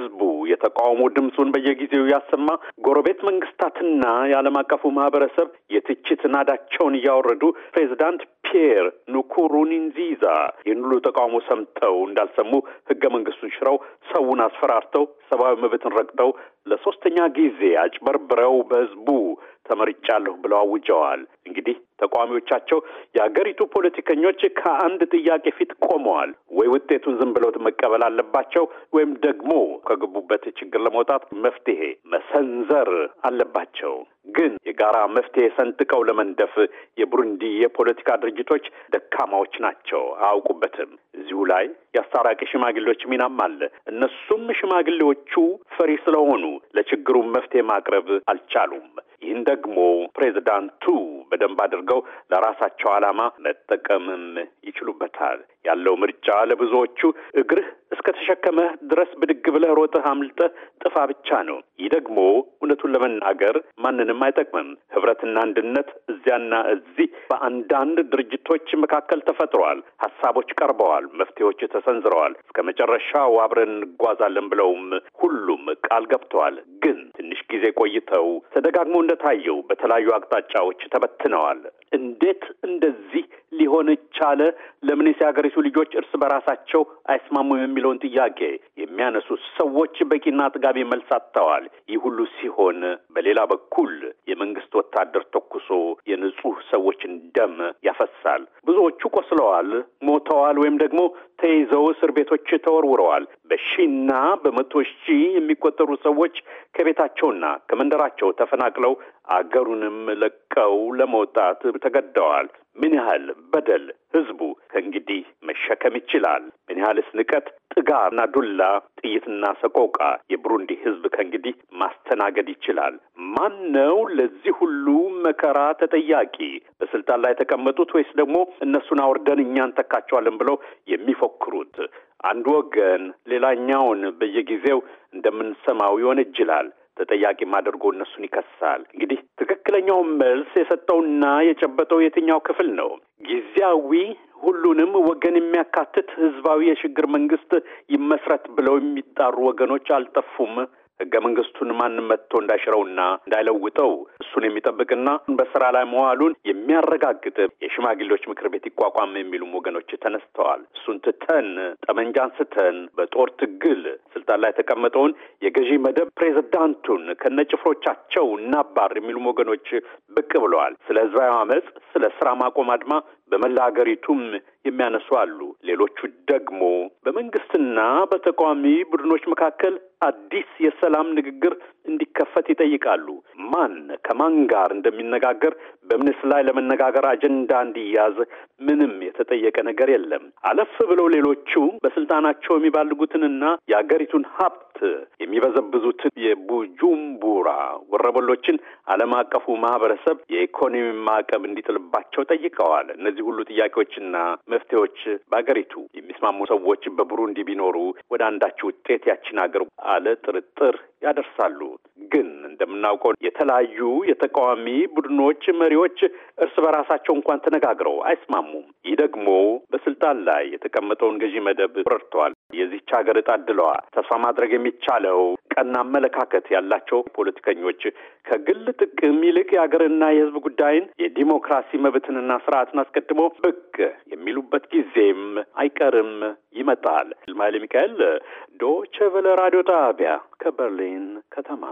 ህዝቡ የተቃውሞ ድምፁን በየጊዜው ያሰማ፣ ጎረቤት መንግስታትና የዓለም አቀፉ ማህበረሰብ የትችት ናዳቸውን እያወረዱ ፕሬዚዳንት ፒየር ንኩሩንዚዛ ይህን ሁሉ ተቃውሞ ሰምተው እንዳልሰሙ ህገ መንግስቱን ሽረው ሰውን አስፈራርተው ሰብአዊ መብትን ረግጠው ለሶስተኛ ጊዜ አጭበርብረው በህዝቡ ተመርጫለሁ ብለው አውጀዋል። እንግዲህ ተቃዋሚዎቻቸው የአገሪቱ ፖለቲከኞች ከአንድ ጥያቄ ፊት ቆመዋል። ወይ ውጤቱን ዝም ብለውት መቀበል አለባቸው ወይም ደግሞ ከገቡበት ችግር ለመውጣት መፍትሄ መሰንዘር አለባቸው። ግን የጋራ መፍትሄ ሰንጥቀው ለመንደፍ የቡሩንዲ የፖለቲካ ድርጅቶች ደካማዎች ናቸው፣ አያውቁበትም። እዚሁ ላይ የአስታራቂ ሽማግሌዎች ሚናም አለ። እነሱም ሽማግሌዎቹ ፈሪ ስለሆኑ ለችግሩ መፍትሄ ማቅረብ አልቻሉም። ይህን ደግሞ ፕሬዚዳንቱ በደንብ አድርገው ለራሳቸው ዓላማ መጠቀምም ይችሉበታል። ያለው ምርጫ ለብዙዎቹ እግርህ እስከተሸከመህ ድረስ ብድግ ብለህ ሮጠህ አምልጠህ ጥፋ ብቻ ነው። ይህ ደግሞ እውነቱን ለመናገር ማንንም አይጠቅምም። ህብረትና አንድነት እዚያና እዚህ በአንዳንድ ድርጅቶች መካከል ተፈጥሯል። ሀሳቦች ቀርበዋል፣ መፍትሄዎች ተሰንዝረዋል። እስከ መጨረሻው አብረን እንጓዛለን ብለውም ሁሉም ቃል ገብተዋል። ግን ጊዜ ቆይተው ተደጋግሞ እንደታየው በተለያዩ አቅጣጫዎች ተበትነዋል። እንዴት እንደዚህ ሊሆን ቻለ? ለምንስ የሀገሪቱ ልጆች እርስ በራሳቸው አይስማሙም? የሚለውን ጥያቄ የሚያነሱ ሰዎች በቂና አጥጋቢ መልስ አጥተዋል። ይህ ሁሉ ሲሆን በሌላ በኩል የመንግስት ወታደር ተኩሶ የንጹህ ሰዎችን ደም ያፈሳል። ብዙዎቹ ቆስለዋል፣ ሞተዋል፣ ወይም ደግሞ ተይዘው እስር ቤቶች ተወርውረዋል። በሺና በመቶ ሺ የሚቆጠሩ ሰዎች ከቤታቸውና ከመንደራቸው ተፈናቅለው አገሩንም ለቀው ለመውጣት ተገደዋል። ምን ያህል በደል ህዝቡ ከእንግዲህ መሸከም ይችላል? ምን ያህልስ ንቀት፣ ጥጋብና ዱላ፣ ጥይትና ሰቆቃ የብሩንዲ ህዝብ ከእንግዲህ ማስተናገድ ይችላል? ማን ነው ለዚህ ሁሉ መከራ ተጠያቂ? በስልጣን ላይ የተቀመጡት ወይስ ደግሞ እነሱን አውርደን እኛን ተካቸዋለን ብለው የሚፎክሩት? አንድ ወገን ሌላኛውን በየጊዜው እንደምንሰማው ይወነጅላል። ተጠያቂም አድርጎ እነሱን ይከሳል። እንግዲህ ትክክለኛው መልስ የሰጠውና የጨበጠው የትኛው ክፍል ነው? ጊዜያዊ ሁሉንም ወገን የሚያካትት ህዝባዊ የሽግግር መንግስት ይመስረት ብለው የሚጣሩ ወገኖች አልጠፉም። ህገ መንግስቱን ማንም መጥቶ እንዳይሽረውና እንዳይለውጠው እሱን የሚጠብቅና በስራ ላይ መዋሉን የሚያረጋግጥ የሽማግሌዎች ምክር ቤት ይቋቋም የሚሉም ወገኖች ተነስተዋል። እሱን ትተን ጠመንጃን ስተን በጦር ትግል ስልጣን ላይ የተቀመጠውን የገዢ መደብ ፕሬዝዳንቱን ከነጭፍሮቻቸው እናባር የሚሉም ወገኖች ብቅ ብለዋል። ስለ ህዝባዊ አመፅ፣ ስለ ስራ ማቆም አድማ በመላ ሀገሪቱም የሚያነሱ አሉ። ሌሎቹ ደግሞ በመንግስትና በተቃዋሚ ቡድኖች መካከል አዲስ የሰላም ንግግር እንዲከፈት ይጠይቃሉ። ማን ከማን ጋር እንደሚነጋገር በምንስ ላይ ለመነጋገር አጀንዳ እንዲያዝ ምንም የተጠየቀ ነገር የለም። አለፍ ብለው ሌሎቹ በስልጣናቸው የሚባልጉትንና የአገሪቱን ሀብት የሚበዘብዙትን የቡጁምቡራ ወረበሎችን ዓለም አቀፉ ማህበረሰብ የኢኮኖሚ ማዕቀብ እንዲጥልባቸው ጠይቀዋል። እነዚህ ሁሉ ጥያቄዎችና መፍትሄዎች በሀገሪቱ የሚስማሙ ሰዎች በቡሩንዲ ቢኖሩ ወደ አንዳች ውጤት ያችን ሀገር አለ ጥርጥር ያደርሳሉ። ግን እንደምናውቀው የተለያዩ የተቃዋሚ ቡድኖች መሪዎች እርስ በራሳቸው እንኳን ተነጋግረው አይስማሙም። ይህ ደግሞ በስልጣን ላይ የተቀመጠውን ገዢ መደብ ረድቷል። የዚች ሀገር እጣ ተስፋ ማድረግ የሚቻለው ቀና አመለካከት ያላቸው ፖለቲከኞች ከግል ጥቅም ይልቅ የሀገርና የሕዝብ ጉዳይን የዲሞክራሲ መብትንና ስርዓትን አስቀድሞ ብቅ የሚሉበት ጊዜም አይቀርም ይመጣል። ልማይል ሚካኤል ዶቼ ቬለ ራዲዮ ጣቢያ ከበርሊን ከተማ